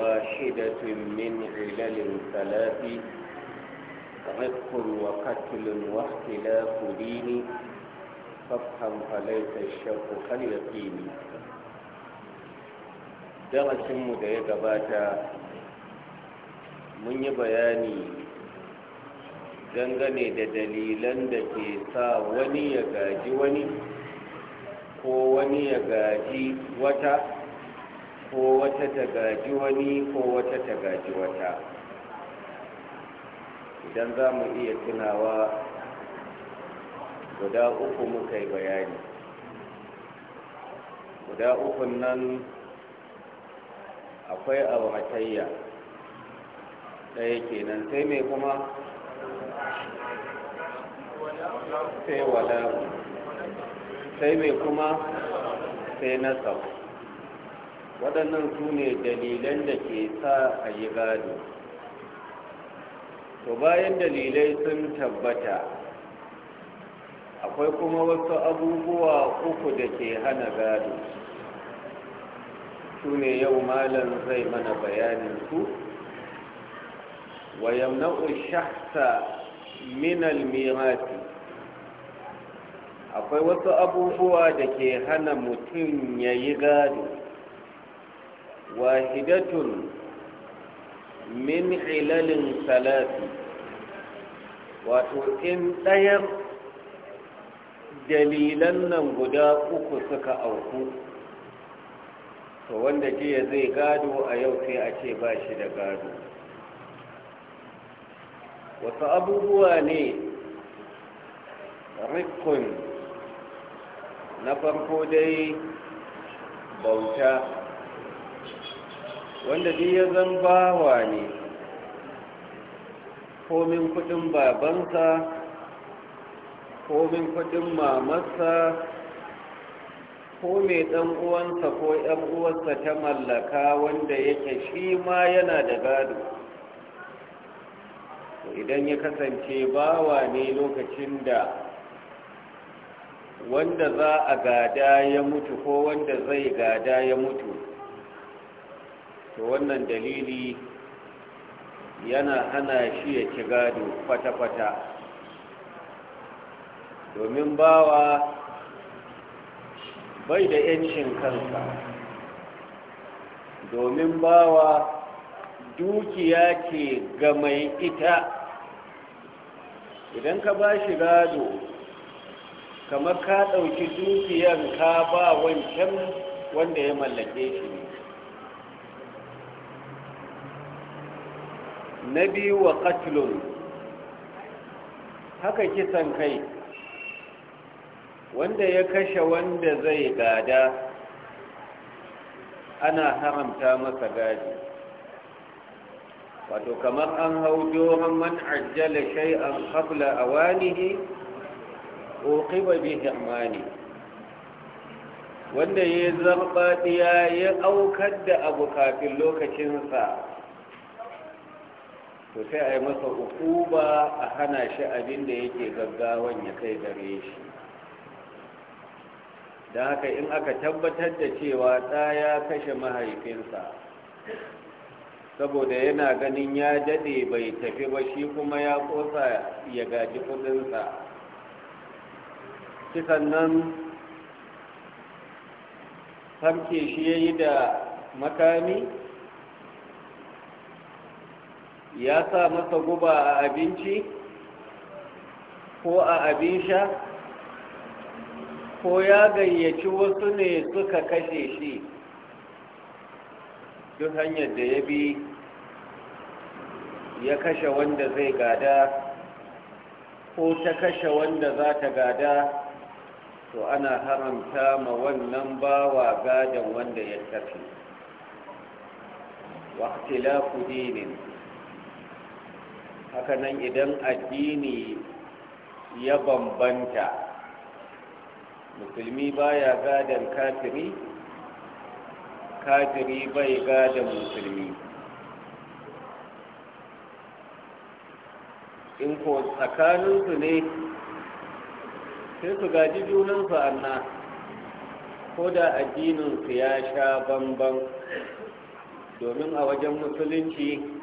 واحدة من علل ثلاث رفق وقتل واختلاف دين فافهم فليس الشوق كاليقين درس da باتا من mun dangane da dalilan da ke sa wani ya gaji wani ko wani ya gaji wata ko wata ta gaji wani ko wata ta gaji wata idan za mu iya tunawa guda uku muka yi bayani guda ukun nan akwai auratayya ɗaya kenan sai mai kuma sai wala sai mai kuma sai na sau waɗannan su ne dalilan da ke sa a yi gado to bayan dalilai sun tabbata akwai kuma wasu abubuwa uku da ke hana gado su ne yau malam zai mana bayanin su wa na'u shahsa min almirati akwai wasu abubuwa da ke hana mutum ya yi gado wahidatun min ilalin salati wato in ɗayar dalilan nan guda uku suka auku to wanda jiya zai gado a yau sai a ce ba shi da gado wasu abubuwa ne rikun na farko dai bauta wanda duk ya zan bawa ne komin kudin babansa komin kudin mamarsa ko mai ɗan uwansa ko ‘yan uwansa ta mallaka wanda yake shi ma yana da gado idan ya kasance bawa ne lokacin da wanda za a gada ya mutu ko wanda zai gada ya mutu to wannan dalili yana hana shi ya ci gado kwata-kwata domin bawa bai da 'yancin kansa domin bawa dukiya ke ga mai ita idan ka ba shi gado kamar ka ɗauki dukiyar ka ba wancan wanda ya mallake shi ne na biyu wa katilun haka kisan kai wanda ya kashe wanda zai gada ana haramta masa gadi wato kamar an hau doron man ajjala shay'an a awanihi kiba bi hirmani wanda ya zarba ya aukar da abu kafin lokacinsa to sai a yi masa ba a hana shi abin da yake gaggawan ya kai gare shi da haka in aka tabbatar da cewa ɗa ya kashe mahaifinsa saboda yana ganin ya dade bai tafi ba shi kuma ya kosa ya gaji kudinsa kisan nan farke shi ya yi da makami ya sa masa guba a abinci ko a abin sha ko ya gayyaci wasu ne suka kashe shi duk hanyar da ya bi ya kashe wanda zai gada ko ta kashe wanda za ta gada to ana haramta ma wannan bawa gadon wanda ya tafi wa dinin hakanan idan addini ya bambanta musulmi baya gadon kafiri kafiri bai gadon musulmi in ko tsakaninsu ne sai su gaji junansu anna ko da addininsu ya sha bamban domin a wajen musulunci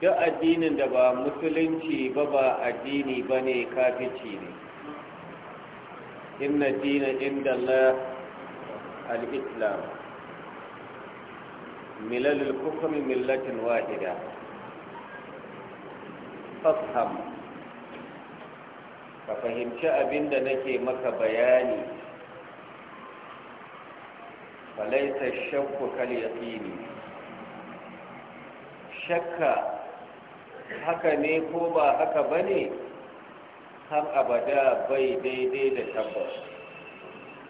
duk addinin da ba musulunci ba ba addini ba ne kafici ne inna dina inda al-islam milalul kufri millatin wahida fasham ka fahimci abinda da nake maka bayani falaita shakku kal yaqini shakka haka ne ko ba haka ba ne har abada bai daidai da tabbas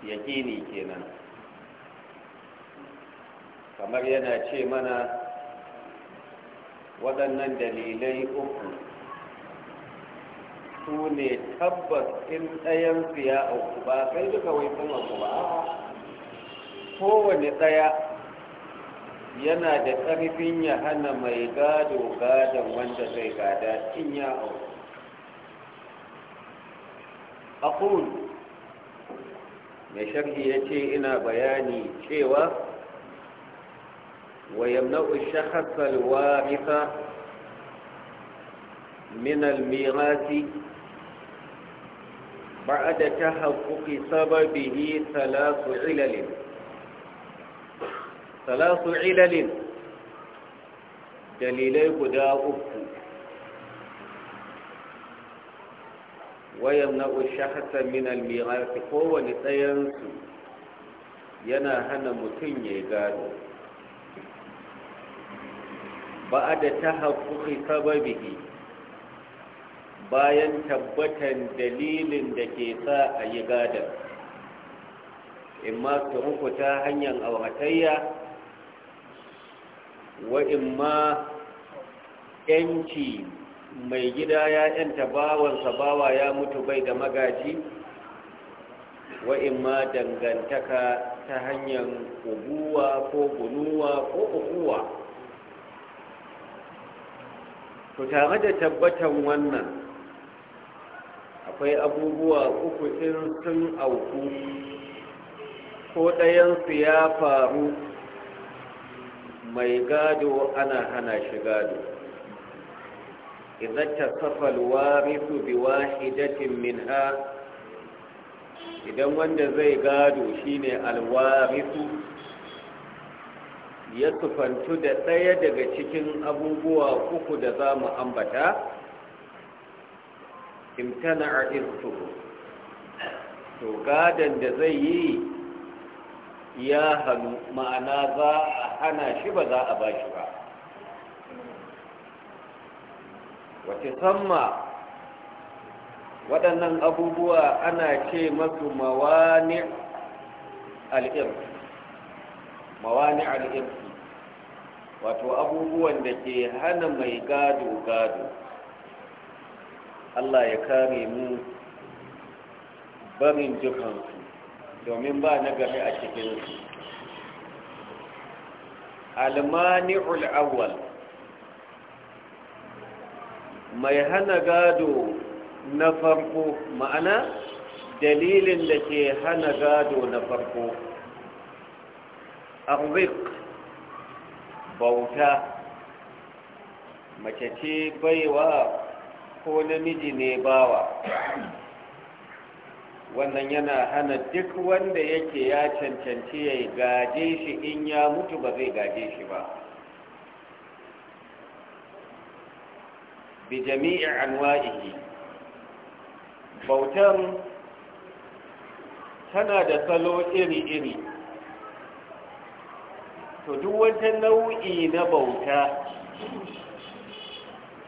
yaƙini kenan kamar yana ce mana waɗannan dalilai uku su ne tabbas in ɗayansu ya auku ba sai duka wai kuma ba kowane ɗaya yana da ƙarfin ya hana mai gado gadon wanda zai gada in ya aure mai sharhi ya ce ina bayani cewa wa yamna'u shakhsal waritha min al-mirasi ta tahaqquqi sababihi thalathu ilalin salasu ilalin dalilai guda uku wayan na'u shahasa min almirasi kowane tsayansu yana hana mutum ya gado ba da ta haƙuƙi bihi, bayan tabbatan dalilin da ke sa a yi gadon in ma su rukuta hanyar auratayya wa'in ma ‘yanci mai gida ya ‘yanta bawansa bawa ya mutu bai da magaji wa'in ma dangantaka ta hanyar ubuwa ko gunuwa ko ukuwa ku tare da tabbatan wannan akwai abubuwa uku in sun auku ko ɗayansu ya faru mai gado ana hana shi gado idan ta safal warisu bi wahidatin minha idan wanda zai gado shine alwarisu ya tufantu da ɗaya daga cikin abubuwa uku da za mu ambata imtana a to gadon da zai yi ya hannu ma'ana za a hana shi ba za a ba shi ba wace samma waɗannan abubuwa ana ce masu mawani al'irki mawani al'irki wato abubuwan da ke hana mai gado-gado Allah ya kare mu barin jikansu domin ba na game a cikinsu almani'ul ul'awwal mai hana gado na farko ma'ana dalilin da ke hana gado na farko arzik bauta mace ce baiwa ko namiji ne bawa wannan yana hana duk wanda yake ya cancanci ya gaje shi in ya mutu ba zai gaje shi ba bi jami'i anwa'ihi bautan tana da salo iri-iri to duk wata nau'i na bauta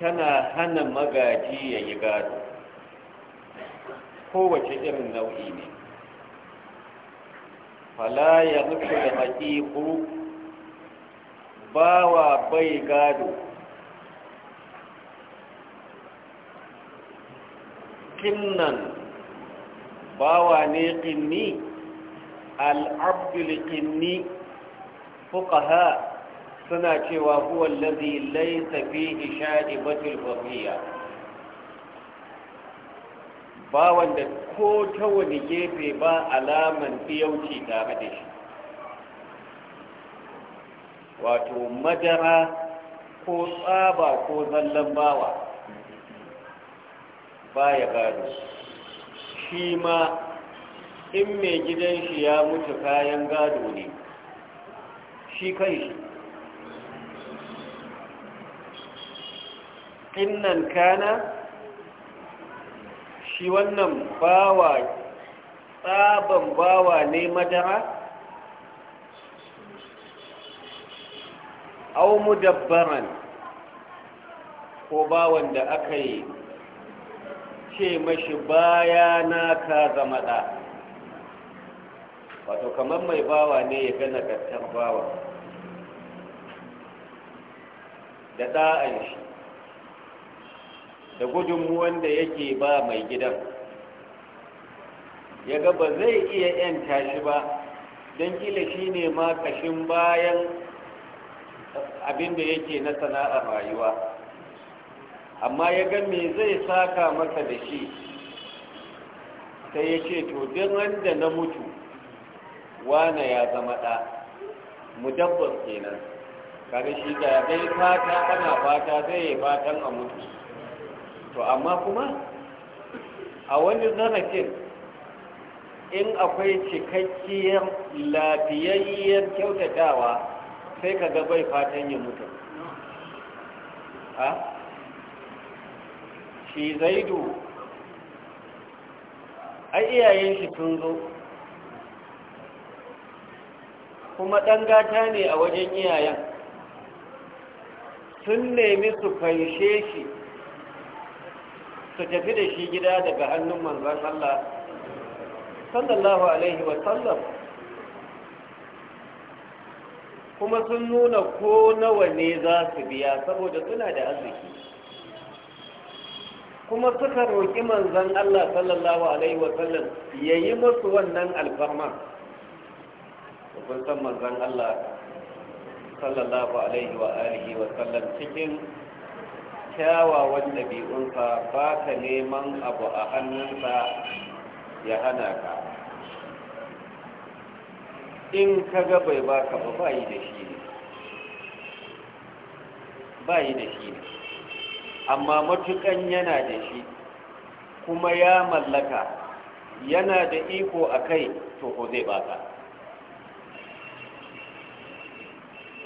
tana hana magaji ya yi gado kowace irin nau'i ne fala ya mutu da haƙiƙu bawa bai gado kinnan bawa ne kinni al'abdul kinni fuqaha suna cewa huwa allazi laysa fihi sha'ibatul fadhiyya ba wanda ko ta wani gefe ba alaman tsiyauci tare da shi wato madara ko tsaba ko zallan bawa ba ya gado shi ma in mai gidan shi ya mutu kayan gado ne shi kai shi innan kana shi wannan bawa tsaban bawa ne madara au mudabbaran ko bawan da aka yi ce mashi baya na ka zama da wato kamar mai bawa ne ya gana gattar bawa da ɗa'an shi da gudunmuwan da yake ba mai gidan ya ga ba zai iya 'yanta tashi ba don kila shi ne ma kashin bayan abinda yake na sana'a rayuwa amma ya ga me zai saka masa da shi sai ya ce to duk wanda na mutu wane ya zama ɗa mudabbas kenan kaga shi da dai fata ana fata zai yi fatan a mutu to amma kuma a wani zarafin in akwai cikakkiyar lafiyayyar kyautatawa sai ka ga bai fatan ya mutu shi zaidu a iyayen shi sun zo kuma ɗan gata ne a wajen iyayen sun nemi su fanshe shi su tafi da shi gida daga hannun manzan Allah sallallahu alaihi wa sallam kuma sun nuna ko nawa ne za su biya saboda suna da arziki kuma suka roƙi manzan Allah sallallahu alaihi wa sallam yi musu wannan alfarma kun san manzon Allah sallallahu alaihi wa alihi wa sallam cikin kyawawan ɗabi'unsa ba ka neman abu a hannunsa ya hana ka in ka ga bai ba ka ba ba da shi ne bayi da shi ne amma matukan yana da shi kuma ya mallaka yana da iko a kai to zai ba ka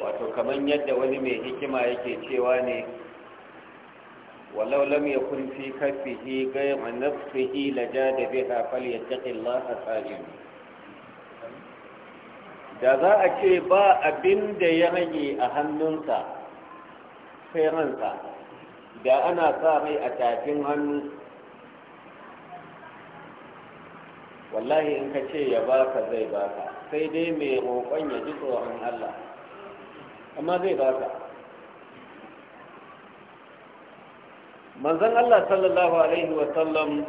wato kamar yadda wani mai hikima yake cewa ne ولو لم يكن في كفه غير نفسه لجاد بها فليتق الله سالما da za a ce ba abin da ya rage a hannunsa sai ransa da ana sa rai a tafin hannu wallahi in ka ce ya baka zai baka sai dai mai roƙon ya ji tsoron Allah amma zai baka manzan Allah sallallahu alaihi wasallam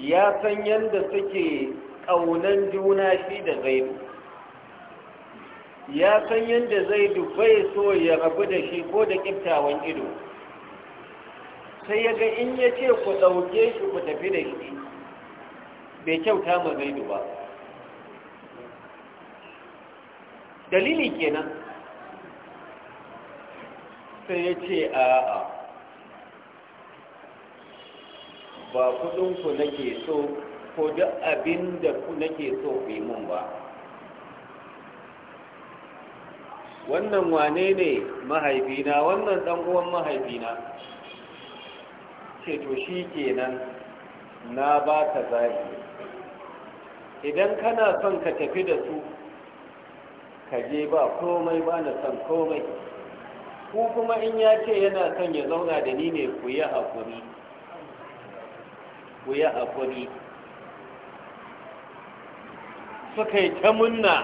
ya san yadda suke ƙaunan juna shi da zaidu ya san yadda zaidu bai so ya rabu da shi ko da ƙiftawan ido sai ya ga in ya ce ku ɗauke shi ku tafi da shi bai kyauta ma zaidu ba dalili kenan sai ya ce a'a ba kudinku nake so ko duk abin da ku nake so ku mun ba wannan wane ne mahaifina wannan dan uwan mahaifina ce to shi kenan na ba ka zaɓi idan kana son ka tafi da su ka je ba komai ba na son komai ku kuma in ya ce yana son ya zauna da ni ne ku yi haƙuri ku yi haƙuri suka yi ta munna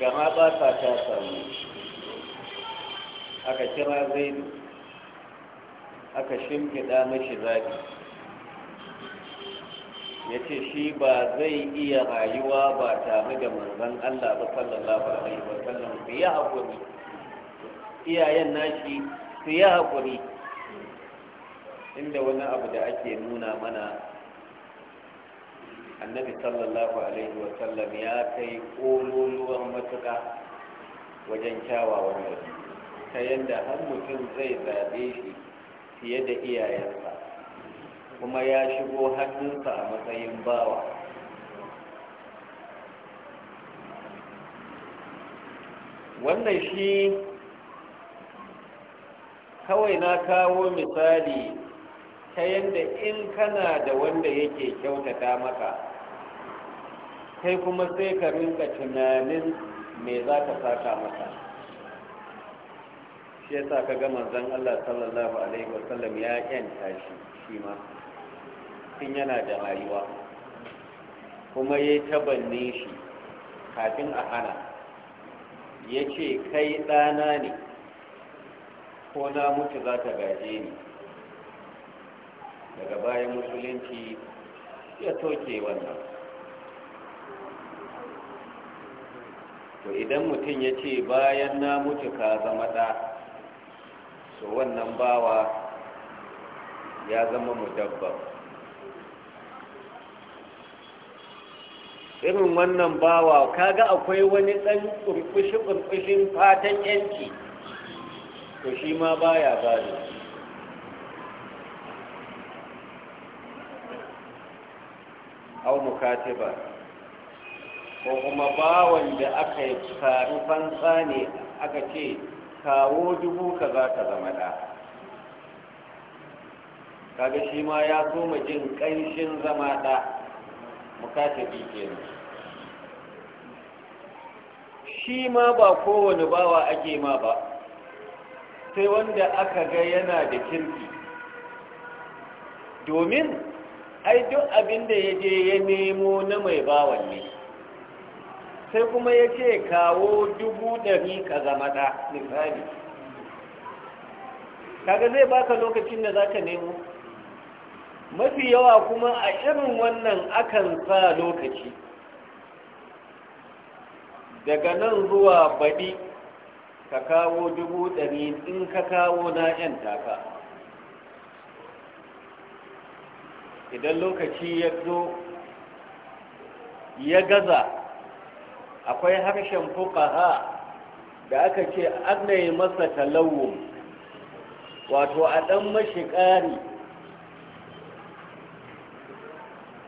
gama ba ta ta samu aka kira zaidu aka shimfiɗa mashi zaɓi ya ce shi ba zai iya rayuwa ba tare da manzan Allah ba sallallahu alaihi wa sallam su yi haƙuri iyayen nashi su yi haƙuri inda wani abu da ake nuna mana annabi sallallahu alaihi wasallam ya kai ƙololuwan matuƙa wajen kyawawan gari ta yadda har mutum zai zaɓe shi fiye da iyayensa kuma ya shigo hannunsa a matsayin bawa wannan shi kawai na kawo misali ta yadda in kana da wanda yake kyautata maka kai kuma sai ka rinka tunanin me za ka saka maka shi yasa ka ga manzon Allah sallallahu alaihi wasallam ya yanta shi shi ma tun yana da rayuwa kuma ya tabanne shi kafin a hana ya ce kai ɗana ne ko na mutu za ka gaje ni daga bayan musulunci ya toke wannan to idan mutum ya ce bayan na mutu ka zama ɗa so wannan bawa ya zama mu dabba irin wannan bawa kaga akwai wani ɗan ƙurƙushi-ƙurƙushin fatan yanki to shi ma baya bada au mukatiba ko kuma bawan da aka yi faru fansa ne aka ce kawo dubu ka za ka zama da kaga shi ma ya so jin ƙanshin zama da mukatabi kenan shi ma ba kowane bawa ake ma ba sai wanda aka ga yana da kirki domin ai duk abin da ya je ya nemo na mai bawan ne sai kuma ya ce kawo dubu ɗari ka zama ɗa misali kaga zai baka lokacin da za ka nemo mafi yawa kuma a irin wannan akan sa lokaci daga nan zuwa baɗi ka kawo dubu ɗari in ka kawo na 'yan taka idan lokaci ya zo ya gaza akwai harshen fukaha da aka ce an yi masa talawun wato a ɗan mashi ƙari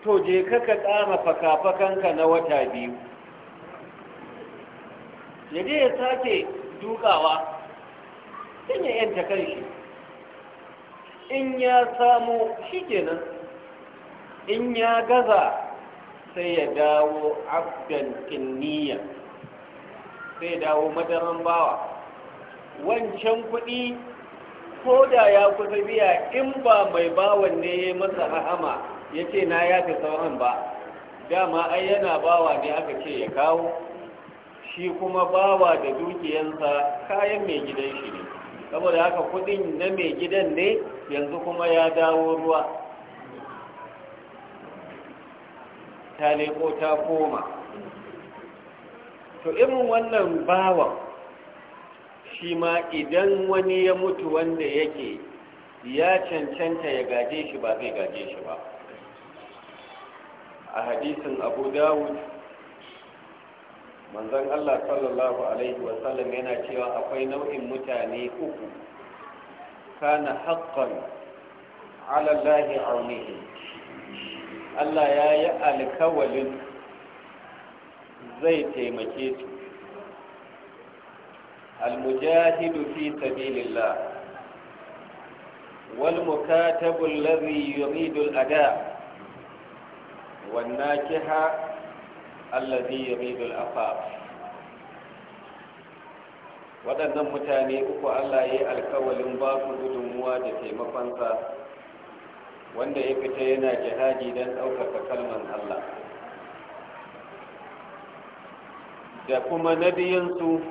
to je ka ƙara fakafakan ka na wata biyu ya ya sake dukawa sun ya yanta kan in ya samu shi kenan in ya gaza sai ya dawo abdan kinniya sai ya dawo madaran bawa wancan kuɗi ko da ya kusa biya in ba mai bawan ne ya masa rahama ya ce na ya fi sauran ba dama ai yana bawa ne aka ce ya kawo shi kuma bawa da dukiyansa kayan mai gidan shi ne saboda haka kuɗin na mai gidan ne yanzu kuma ya dawo ruwa ta leko ta koma to irin wannan bawan shi ma idan wani ya mutu wanda yake ya cancanta ya gaje shi ba zai gaje shi ba a hadisin abu dawud manzon allah sallallahu alaihi wasallam yana cewa akwai nau'in mutane uku kana haƙƙon alallahi aunihin Allah ya yi alkawalin zai taimake su almujahidu fi sabilillah wal mukatabu allazi yuridu al-ada wan nakiha allazi yuridu al-afaf waɗannan mutane uku Allah ya yi alkawalin ba su gudunmuwa da taimakon sa. wanda ya fita yana jihadi don ɗaukaka kalman Allah da kuma na biyansu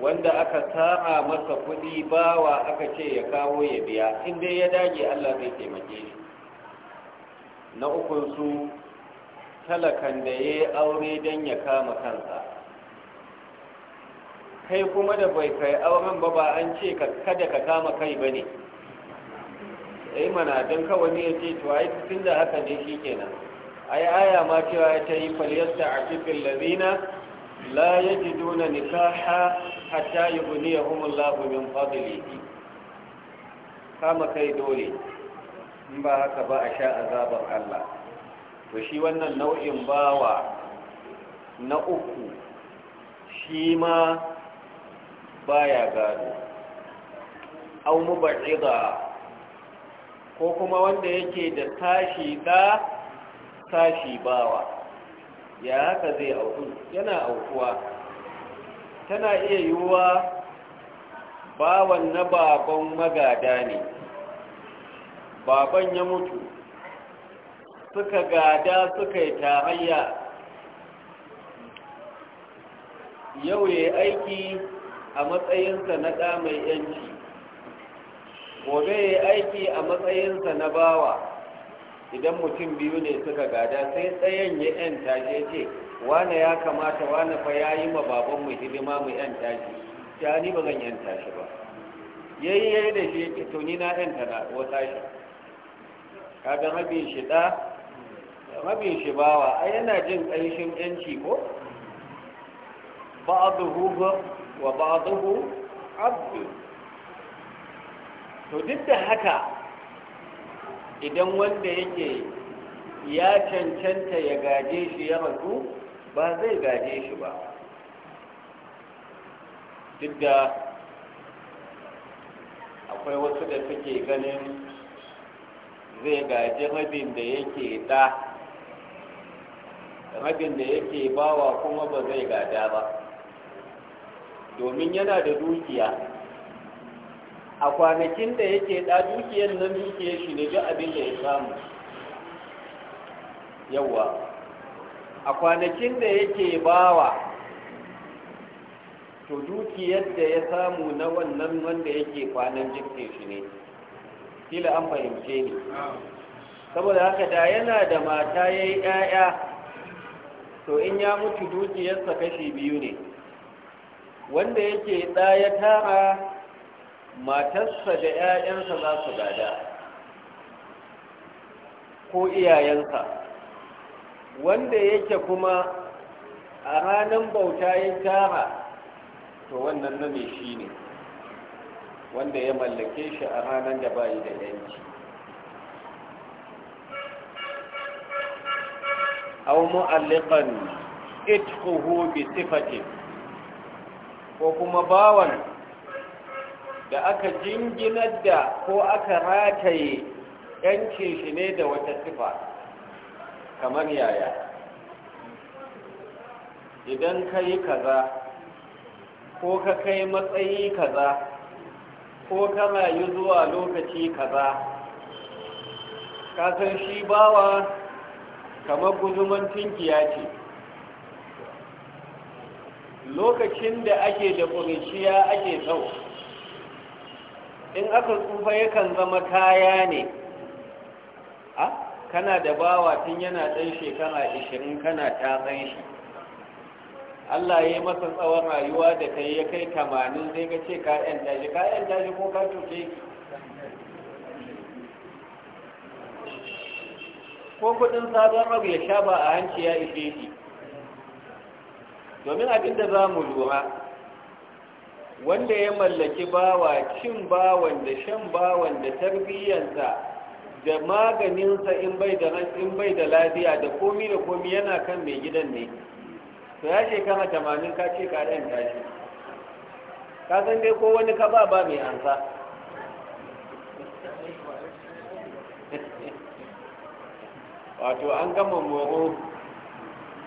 wanda aka sa'a masa kuɗi bawa aka ce ya kawo ya biya inda ya dage Allah zai taimake shi na ukunsu talakan da ya yi aure don ya kama kansa kai kuma da bai kai auren ba ba an ce kada ka kama kai ba ne yi mana don kawai ne ya ce to yi tun da haka ne shi kenan ai aya ma cewa ta yi falyasta a cikin lazina la ya ji duna ha hatta yi guni ya humun labumin fadiliki kama kai dole in ba haka ba a sha azabar allah to shi wannan nau'in bawa na uku shi ma baya gado au mubaɗi ko kuma wanda yake da tashi da tashi bawa ya haka zai auku yana aukuwa tana iya yiwuwa bawan na baban magada ne baban ya mutu suka gada suka yi tarayya yau ya aiki a matsayinsa na ɗa mai yanci gobe ya aiki a matsayinsa na bawa idan mutum biyu ne suka gada sai tsayen ya yan tashe ce wane ya kamata wane fa ya yi ma mu hidima mu yan tashi ta ni ba zan yan shi ba ya yi ya yi da shi ya tuni na yan na ko tashi kaga rabin shi da rabin shi bawa a yana jin ƙanshin yanci ko ba wa ba'dahu abu to duk da haka idan wanda yake ya cancanta ya gaje shi ya rasu ba zai gaje shi ba duk da akwai wasu da suke ganin zai gaje rabin da yake da rabin da yake bawa kuma ba zai gada ba domin yana da dukiya a kwanakin da yake da dukiyar nan dukiyar shi ne duk abin da ya samu yawa a kwanakin da yake bawa to dukiyar da ya samu na wannan wanda yake kwanan jikin shi ne kila an fahimce ne saboda haka da yana da mata ya yi 'ya'ya to in ya mutu dukiyarsa kashi biyu ne wanda yake ɗaya tara matarsa da 'ya'yansa za su gada ko iyayensa wanda yake kuma a ranar bauta ya tara to wannan na mai shi ne wanda ya mallake shi a ranar da bayi da yanci au mu'alliqan itquhu bi sifatin ko kuma bawan da aka jinginar da ko aka rataye yankin shi ne da wata sifa kamar yaya idan ka yi kaza ko ka kai matsayi kaza ko ka rayu zuwa lokaci kaza kasan shi bawa kamar guzuman tunkiya ce lokacin da ake da ƙuruciya ake tsawo in aka tsufa yakan zama kaya ne a kana da bawa tun yana ɗan shekara ishirin kana tatsan shi Allah ya yi masa tsawon rayuwa da kai ya kai tamanin zai ga ce kayan daji kayan daji ko ka tuke ko kudin sabon abu ya sha ba a hanci ya ishe shi domin abinda za mu lura wanda ya mallaki bawa cin bawan da shan bawan da tarbiyyansa da maganinsa in bai da in bai da lafiya da komi da komi yana kan mai gidan ne to ya shekara tamanin ka ce ka ɗan tashi ka san dai ko wani ka ba ba mai ansa wato an gama moro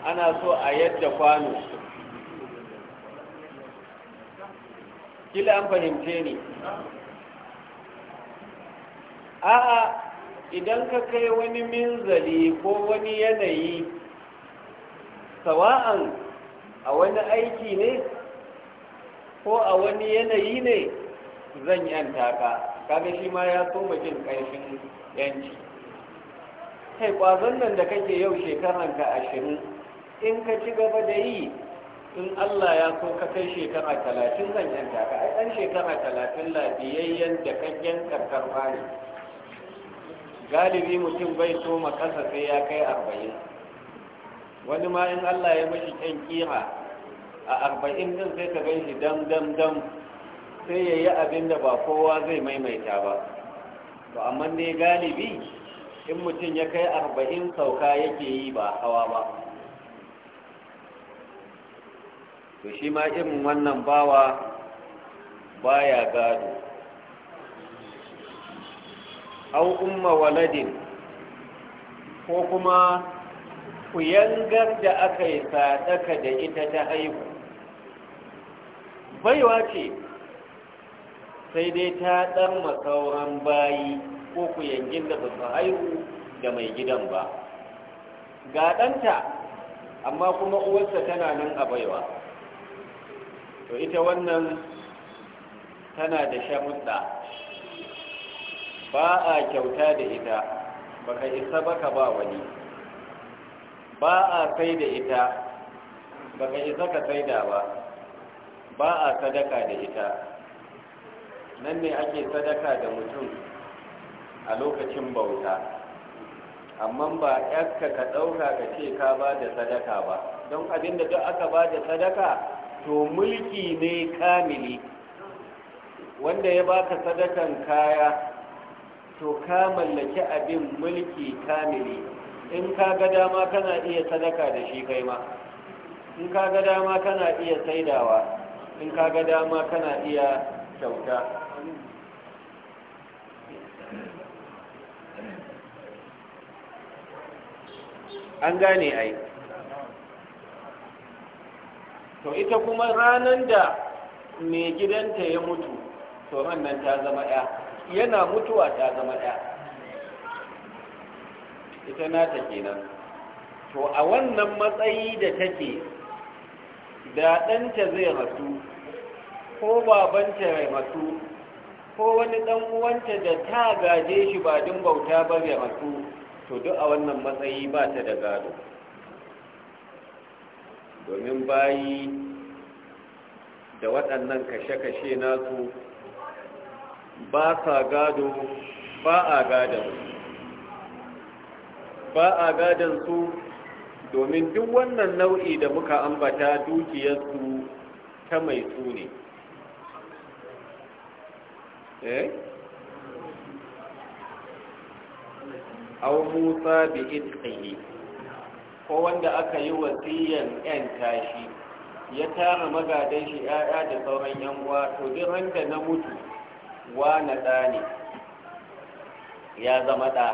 ana so a yadda kwano kila an fahimce ne a'a idan ka kai wani minzali ko wani yanayi sawa'an a wani aiki ne ko a wani yanayi ne zan yanta ka kaga shi ma ya soma jin ƙarfin yanci kai kwazon nan da kake yau shekaranka ashirin in ka ci gaba da yi in Allah ya so ka kai shekara talatin zan yanta ka ai ɗan shekara talatin lafiyayyen da kakken karkarfa ne galibi mutum bai so makasa sai ya kai arba'in wani ma in Allah ya mashi kyan kira a arba'in din sai ka gan shi dam dam dam sai ya yi abin da ba kowa zai maimaita ba to amma ne galibi in mutum ya kai arba'in sauka yake yi ba hawa ba to shi ma irin wannan bawa baya gado au umma waladin ko kuma ku yangar da aka yi sadaka da ita ta haihu baiwa ce sai dai ta dan masauran bayi ko ku yangin da ba haihu da mai gidan ba ga ɗanta amma kuma uwarsa tana nan a baiwa to ita wannan tana da shamuɗa ba a kyauta da ita baka isa baka ba wani ba a sai da ita baka isa ka sai da ba ba a sadaka da ita nan ne ake sadaka da mutum a lokacin bauta amma ba yarka ka ɗauka ka ce ka ba da sadaka ba don abinda duk aka ba da sadaka to mulki ne kamili wanda ya baka sadakan kaya to ka mallaki abin mulki kamili in ka ga dama kana iya sadaka da shi kai ma in ka ga dama kana iya saidawa in ka ga dama kana iya kyauta an gane ai to ita kuma ranar da mai gidanta ya mutu to nan ta zama ya yana mutuwa ta zama ya ita nata kenan to a wannan matsayi da take da ɗanta zai rasu ko babanta ya rasu ko wani ɗan uwanta da ta gaje shi ba din bauta ba ya rasu to duk a wannan matsayi ba ta da gado domin bayi da waɗannan kashe-kashe nasu ba sa gado ba a gadon ba a gadon su domin duk wannan nau'i da muka ambata dukiyarsu ta mai su ne eh au musa bi ko wanda aka yi wasiyan yan tashi ya tara magadan shi ya'ya da sauran yan uwa to duk randa na mutu wa na ɗa ne ya zama ɗa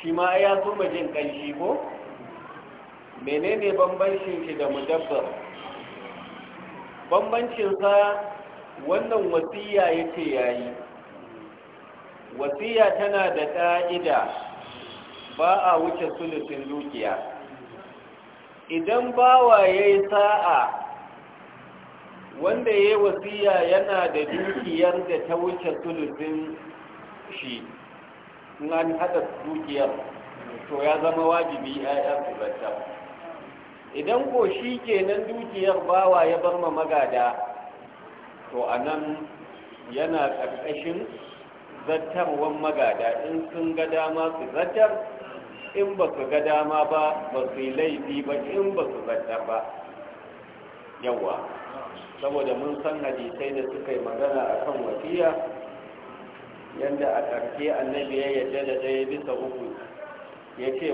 shi ma ya mu jin ƙanshi ko menene bambancin shi da mudabbar sa wannan wasiyya ya ce ya yi tana da ƙa'ida ba a wuce sulusin dukiya idan bawa ya yi sa'a wanda ya yi wasiya yana da dukiyar da ta wuce sulusin shi an haɗa dukiyar to ya zama wajibi ‘ya'yan su idan ko shi ke nan dukiyar bawa ya bar ma magada to a nan yana ƙarƙashin zattarwan magada in sun ga dama su zattar in ba su ga dama ba ba su yi laifi ba in ba su zata ba yawa saboda mun san hadisai da suka yi magana a kan wasiya yadda a ƙarshe annabi ya yadda da ɗaya bisa uku ya ce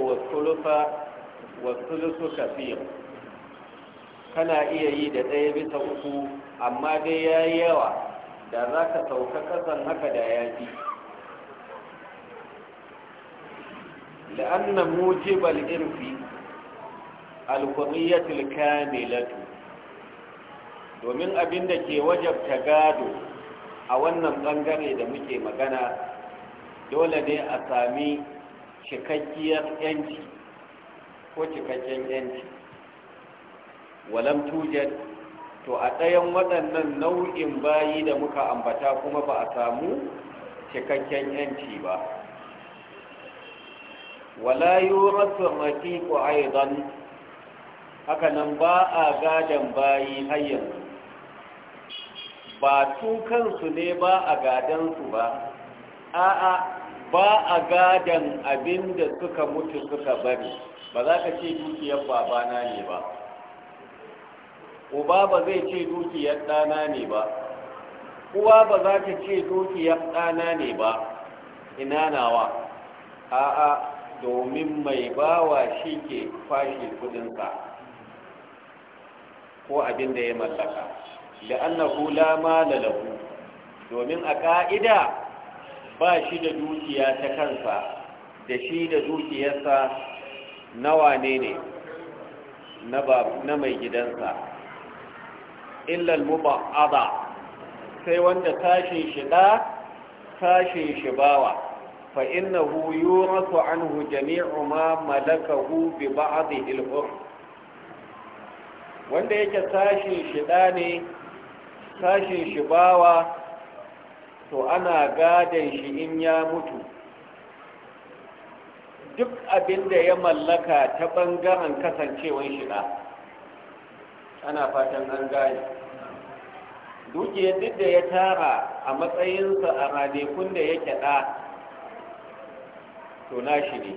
wasu lusu kafiyar kana iya yi da ɗaya bisa uku amma dai ya yawa da za ka sauka ƙasan haka da ya fi لأن موجب الإرث القضية الكاملة domin abin da ke wajabta gado a wannan bangare da muke magana dole ne a sami cikakkiyar yanci ko cikakken yanci walam to a ɗayan waɗannan nau'in bayi da muka ambata kuma ba a samu cikakken yanci ba wala yurasu raqiqu aidan haka nan ba a gadan bayi hayan. ba su kansu ne ba a gadon su ba a'a ba a gadan abinda suka mutu suka bari ba za ka ce dukiyar babana ne ba uba ba zai ce dukiyar ɗana ne ba uwa ba za ta ce dukiyar ɗana ne ba ina nawa a'a domin mai bawa shi ke kwashe kudinsa ko abin da ya mallaka la'annahu hula ma lalahu domin a ka'ida ba shi da dukiya ta kansa da shi da dukiyarsa nawa ne ne na mai gidansa illal muba'ada sai wanda tashin shi ɗa, tashin shi bawa فإنه يورث عنه جميع ما ملكه ببعضه الحر wanda yake sashin shi ne sashin shi bawa to ana gadon shi in ya mutu duk abin da ya mallaka ta ɓangaren kasancewan shi ana fatan an gane duk da ya tara a matsayinsa a ranakun da yake ɗa to nashi ne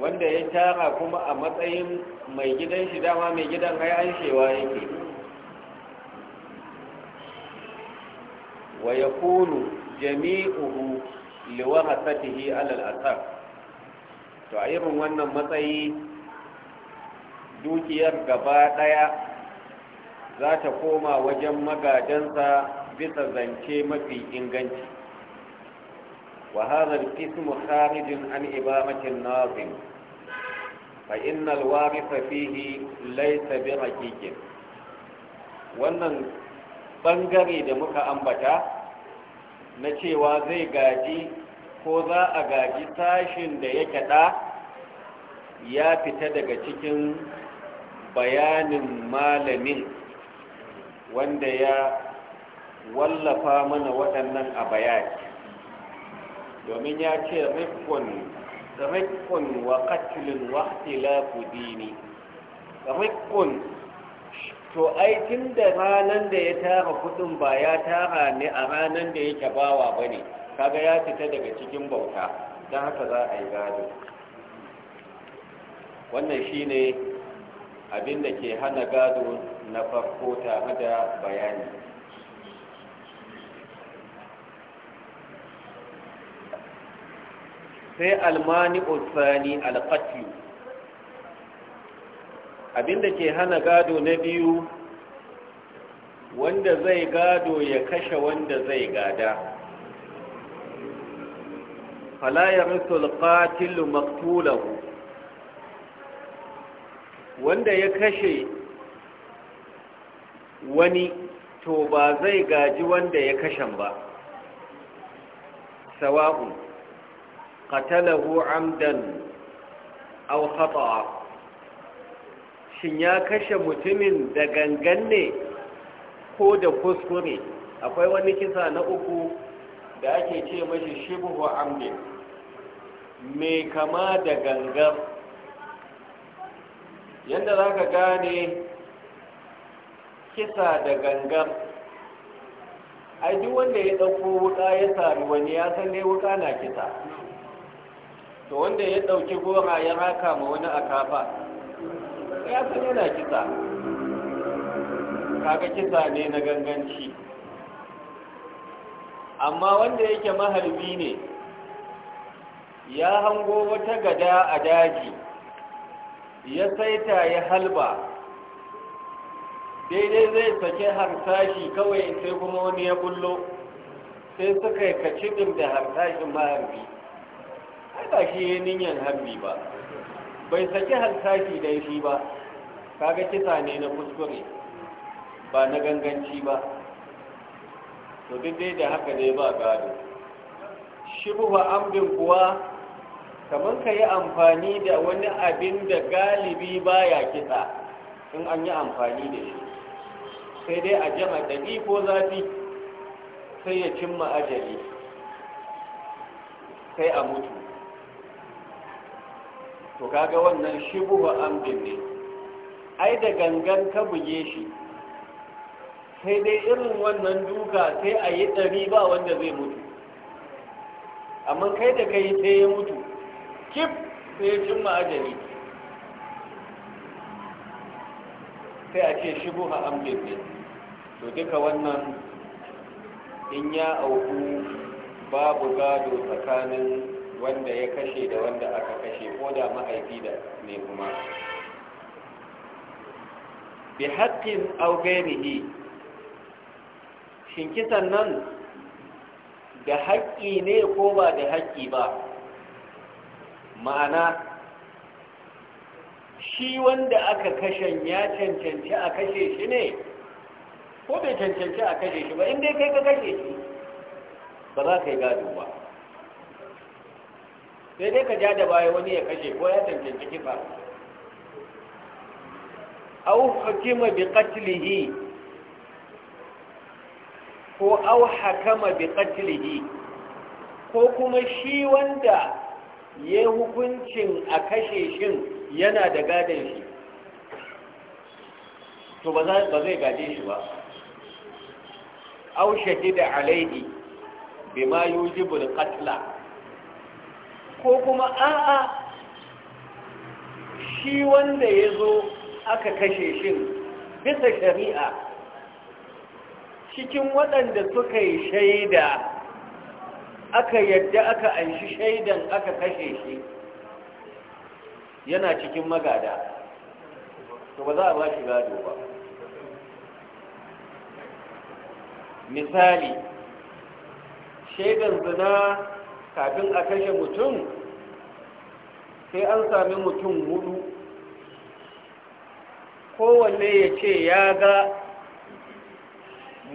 wanda ya tara kuma a matsayin mai gidan shi dama mai gidan hayan shewa yake wa ya kunu jami'uhu liwarasatihi alal asar to a irin wannan matsayi dukiyar gaba daya za ta koma wajen magadansa bisa zance mafi inganci وهذا القسم خارج عن إبامة الناظم فإن الوارث فيه ليس برقيق wannan ɓangare da muka ambata na cewa zai gaji ko za a gaji sashin da ya kyaɗa ya fita daga cikin bayanin malamin wanda ya wallafa mana waɗannan a bayani domin ya ce rikun wa katilin wa dini rikun to ai tun da ranar da ya tara kudin ba ya tara ne a ranar da yake bawa ba ne kaga ya fita daga cikin bauta don haka za a yi gado wannan shine abin da ke hana gado na farko tare da bayani sai almani usani alƙatlu abinda ke hana gado na biyu wanda zai gado ya kashe wanda zai gada fala ya rasul qatilu maqtulahu wanda ya kashe wani to ba zai gaji wanda ya kashen ba sawa'un قتله عمدا aw khata'a shin ya kashe mutumin da gangan ne ko da kuskure akwai wani kisa na uku da ake ce mashi shibuhu amdin mai kama da gangan yadda za ka gane kisa da gangan ai duk wanda ya ɗauko wuka ya sami wani ya san ne wuka na kisa to wanda ya ɗauki gora ya haka ma wani a kafa ya san yana kisa kaga kisa ne na ganganci amma wanda yake maharbi ne ya hango wata gada a daji ya saita ya halba daidai zai sake harsashi kawai sai kuma wani ya bullo sai suka yi kacibin da harsashin maharbi Ka ba shi ya niyan harbi ba bai saki halsaki dai shi ba kaga kisa ne na kuskure ba na ganganci ba to duk dai da haka ne ba gado shibuwa amdin kuwa kamar ka yi amfani da wani abin da galibi baya kisa in an yi amfani da shi sai dai a jama ɗari ko zafi sai ya cimma ajali sai a mutu to kaga wannan shibuhu amdin ne ai da gangan ka buge shi sai dai irin wannan duka sai a yi ɗari ba wanda zai mutu amma kai da kai sai ya mutu kif sai ya cimma ajali sai a ce shigo ha ne to duka wannan in ya auku babu gado tsakanin wanda ya kashe da wanda aka kashe ko da mahaifi da ne kuma bi haƙƙin augainihi shin kisan nan da haƙƙi ne ko ba da haƙƙi ba ma'ana shi wanda aka kashen ya cancanci a kashe shi ne ko bai cancanci a kashe shi ba inda kai ka kashe shi ba za ka yi gado ba sai dai ka ja da baya wani ya kashe ko ya tantance kifa. aw hakima bi qatlihi ko aw hakama bi qatlihi ko kuma shi wanda ya hukuncin a kashe shin yana da gadon shi to ba zai gade shi ba aw shahida alaihi bima yujibu al ko kuma a'a shi wanda ya zo aka kashe shi bisa shari'a cikin waɗanda suka yi shaida aka yadda aka anshi shaidan aka kashe shi yana cikin magada to ba za a ba shi gado ba misali shaidan zina kafin a kashe mutum sai an sami mutum hudu kowanne ya ce ya ga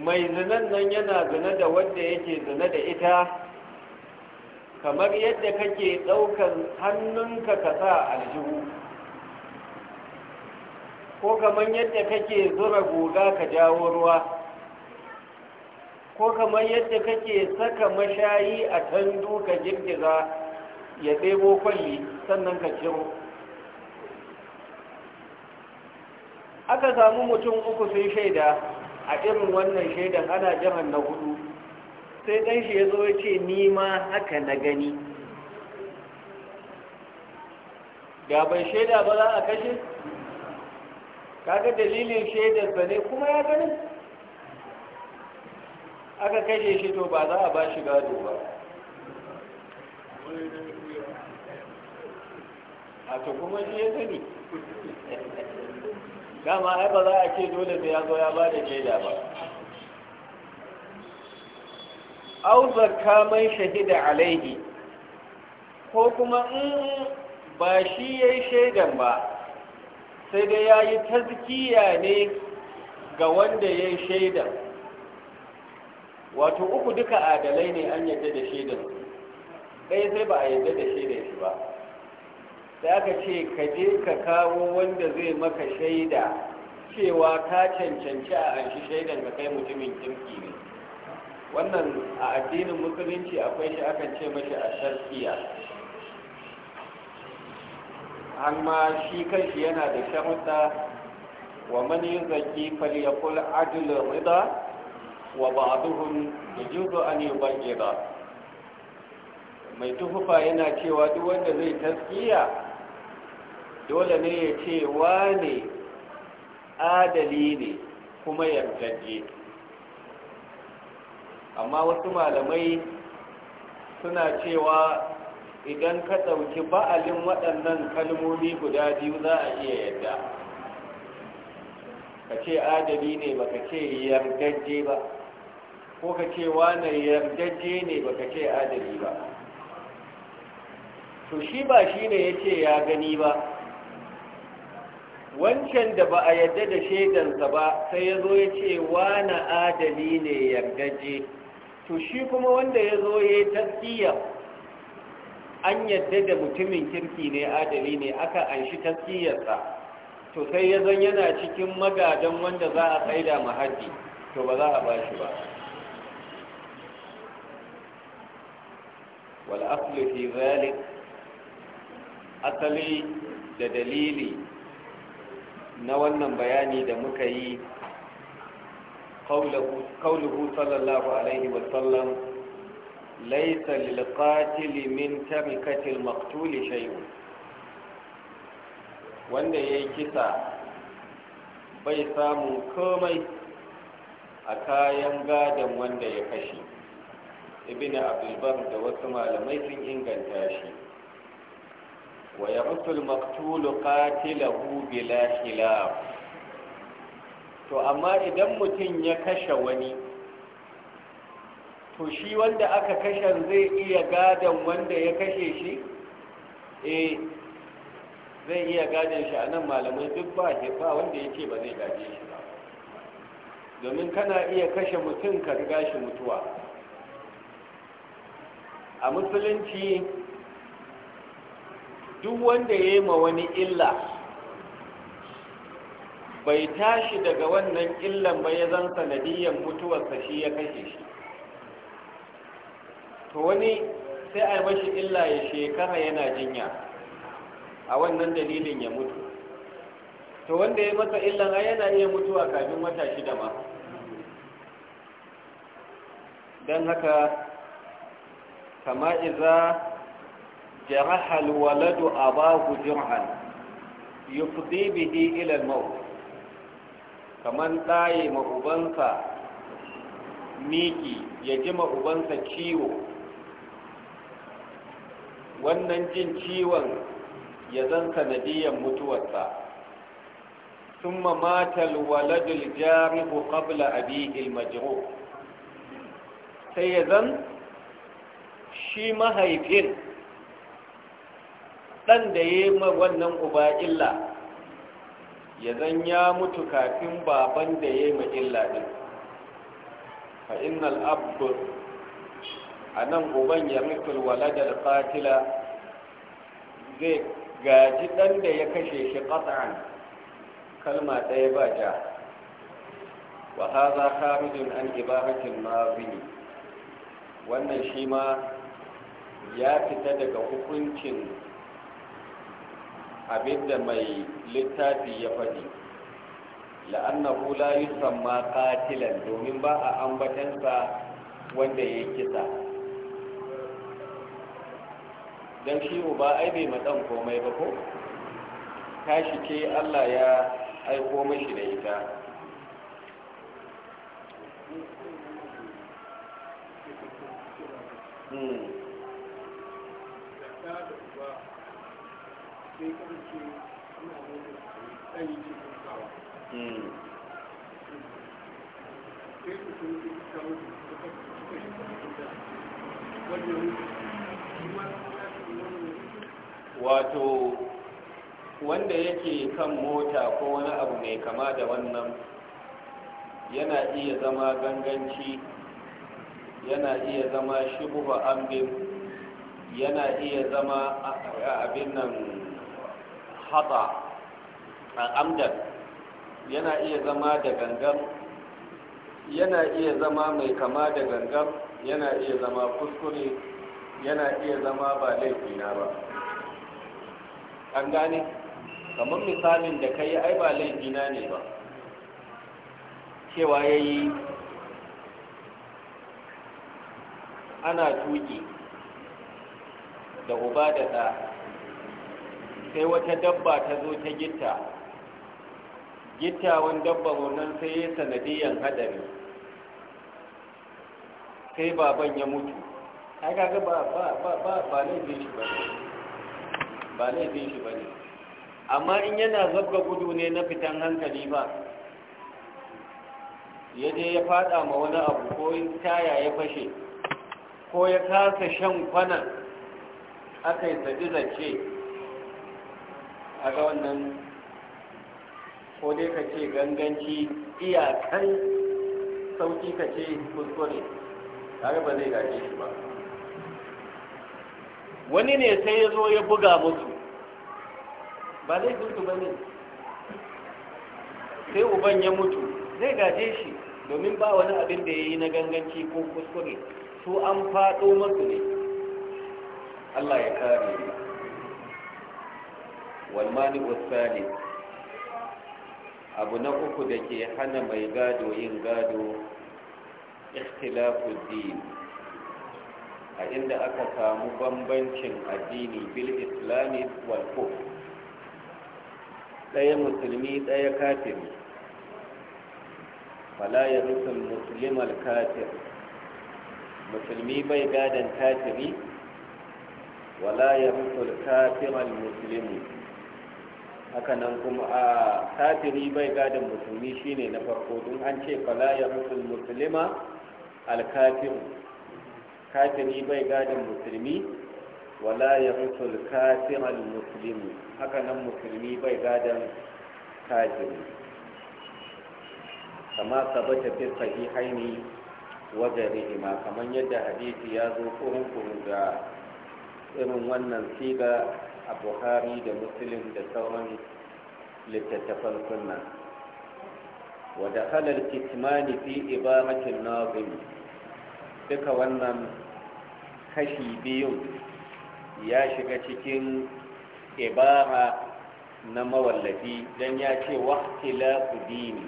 mai zinan nan yana zina da wadda yake zina da ita kamar yadda kake ɗaukar hannunka ka sa aljihu ko kamar yadda kake zura guga ka jawo ruwa ko kamar yadda kake saka mashayi a tandu ka girgiza ya ɗebo kwalli sannan ka ciro aka samu mutum uku sai shaida a irin wannan shaidan ana jihar na hudu sai ɗan shi ya zo ya ce ni haka na gani da bai shaida ba za a kashe kaga dalilin shaidar ba ne kuma ya gani aka kashe shi to ba za a ba shi gado ba a to kuma shi ya sani dama ai ba za a ce dole sai ya zo ya ba da shaida ba au zakka man shahida alaihi ko kuma in ba shi yayi shaidan ba sai dai ya yi tazkiya ne ga wanda ya yi shaidan wato uku duka adalai ne an yadda da shaidan ɗaya sai ba a yadda da shaidan shi ba da aka ce ka je ka kawo wanda zai maka shaida cewa ka cancanci a anshi shaidan ka kai mutumin kirki ne wannan a addinin musulunci akwai shi akan ce mashi a sharfiya amma shi kanshi yana da shahuta wa man ya falyakul adl rida wa ba'dhum yajuzu an yubayyida mai tuhufa yana cewa duk wanda zai taskiya dole ne ya ce ne adali ne kuma yardaje amma wasu malamai suna cewa idan ka ɗauki ba'alin waɗannan kalmomi guda biyu za a iya yadda ka ce adali ne baka ce yardaje ba ko ka ce wane yardaje ne baka ce adali ba to shi ba shi ne ya ce ya gani ba wancan da ba a yadda da shaidansa ba sai ya zo ya ce wani adali ne yardaje to shi kuma wanda ya zo ya yi taskiya an yadda da mutumin kirki ne adali ne aka anshi taskiyarsa to sai ya zan yana cikin magadan wanda za a tsaida mahaji to ba za a ba shi ba wal fi zalik asali da dalili na wannan bayani da muka yi قوله صلى الله عليه وسلم ليس min من تركة المقتول wanda yayi kisa bai samu komai a kayan gadon wanda ya kashe ibn abdulbar da wasu malamai sun inganta shi Waya ya mutul maktulu qatilahu bila khilaf to amma idan mutum ya kashe wani to shi wanda aka kashe zai iya gadon wanda ya kashe shi eh zai iya gadon shi a nan malamai duk ba ba wanda ya ce ba zai gaje shi ba domin kana iya kashe mutum ka riga shi mutuwa a musulunci duk wanda ya yi ma wani illa bai tashi daga wannan illan ba ya zan sanadiyyar mutuwarsa shi ya kashe shi to wani sai a yi mashi illa ya shekara yana jinya a wannan dalilin ya mutu to wanda ya masa illan a yana iya mutuwa kafin wata shida ma don haka kama iza جرح الولد أباه جرحا يفضي به إلى الموت kaman ɗaye ma ubansa miki ya ji ma ubansa ciwo wannan jin ciwon ya zan sanadiyan mutuwarsa sun mamatar waladul jarihu qabla abihil majro sai ya zan shi mahaifin ɗan da ya yi wannan uba illa ya zan ya mutu kafin baban da ya yi ma'illa illa ɗin fa innal a nan uban ya mutu waladar fatila zai gaji ɗan da ya kashe shi ƙasa'an kalma ɗaya ba ja wa haza kharijun an ibahatin mazini wannan shi ma ya fita daga hukuncin abinda mai littafi ya faɗi la'annahu la yusamma qatilan domin ba a ambatansa wanda ya kisa dan shi ba ai bai matsan komai ba ko tashi ce Allah ya aiko mashi da ita hmm wato wanda yake kan mota ko wani abu mai kama da wannan yana iya zama ganganci yana iya zama shubuha ambin yana iya zama abin nan hata a amdan yana iya zama da gangan yana iya zama mai kama da gangan yana iya zama kuskure yana iya zama ba laifina ba an gane kamar misalin da ka yi ai ba laifina ne ba cewa ya yi ana tuki da uba da ɗa sai wata dabba ta zo ta gita. gittawan dabba wannan sai ya sanadiyan hadari sai baban ya mutu ai kaga ba ba ba ba ba laifin shi ba ba zai shi ba amma in yana zabga gudu ne na fitan hankali ba ya je ya fada ma wani abu ko in taya ya fashe ko ya kasa shan kwanan aka yi zace a ga wannan ko dai ka ce ganganci kai sauki ka ce kuskure tare ba zai gaje shi ba wani ne sai ya zo ya buga musu ba zai gudu ba ne sai uban ya mutu zai gaje shi domin ba wani abin da ya yi na ganganci ko kuskure su an faɗo masu ne Allah ya kare walmani usali abu na uku da ke hana mai gado yin gado din a inda aka samu bambancin addini bil islami wal kufr musulmi ɗaya kafiri fala ya rufin musulman kafir musulmi bai gadon kafiri wala ya rufin kafiran musulmi hakanan kuma a kafiri bai gadin musulmi shine na farko don an ce fala ya rusul musulma alkafir kafiri bai gadin musulmi wala ya rusul kafir haka hakanan musulmi bai gadin kafiri kama sabata fi sahihaini wajen rihima kamar yadda hadisi ya zo kurun kurun da irin wannan siga a buhari da muslim da sauran littattafan sunna wadda halar kitmani fi ibaratin nazim duka wannan kashi biyun ya shiga cikin ibara na mawallafi don ya ce waktila dini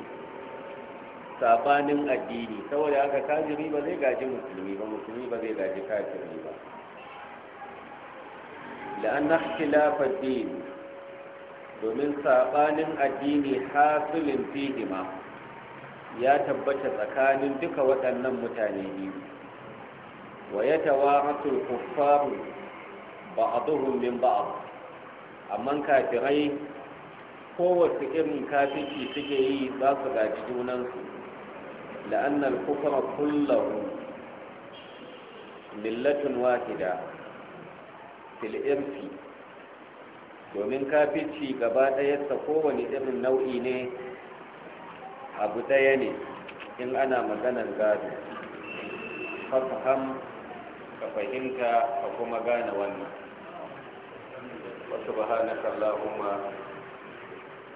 sabanin addini saboda haka kajiri ba zai gaji musulmi ba musulmi ba zai gaji kafiri ba لأن اختلاف الدين domin saɓanin addini hasilin fihima ya tabbata tsakanin duka waɗannan mutane biyu wa ya tawaratul kuffaru ba'aduhum min ba'd amma kafirai kowace irin kafiki suke yi za su gaji junansu kufura kufra kullahu millatun wahida fil'irfi domin kafici gaba ta kowane irin nau'i ne abu ɗaya ne in ana maganar gado fafaham ka fahimta ka kuma gane wannan wasu bahanaka Allahumma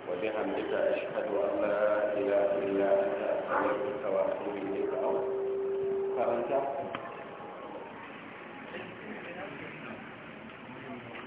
وبحمدك أشهد أن لا إله إلا أنت أستغفرك وأتوب ne أولا فأنت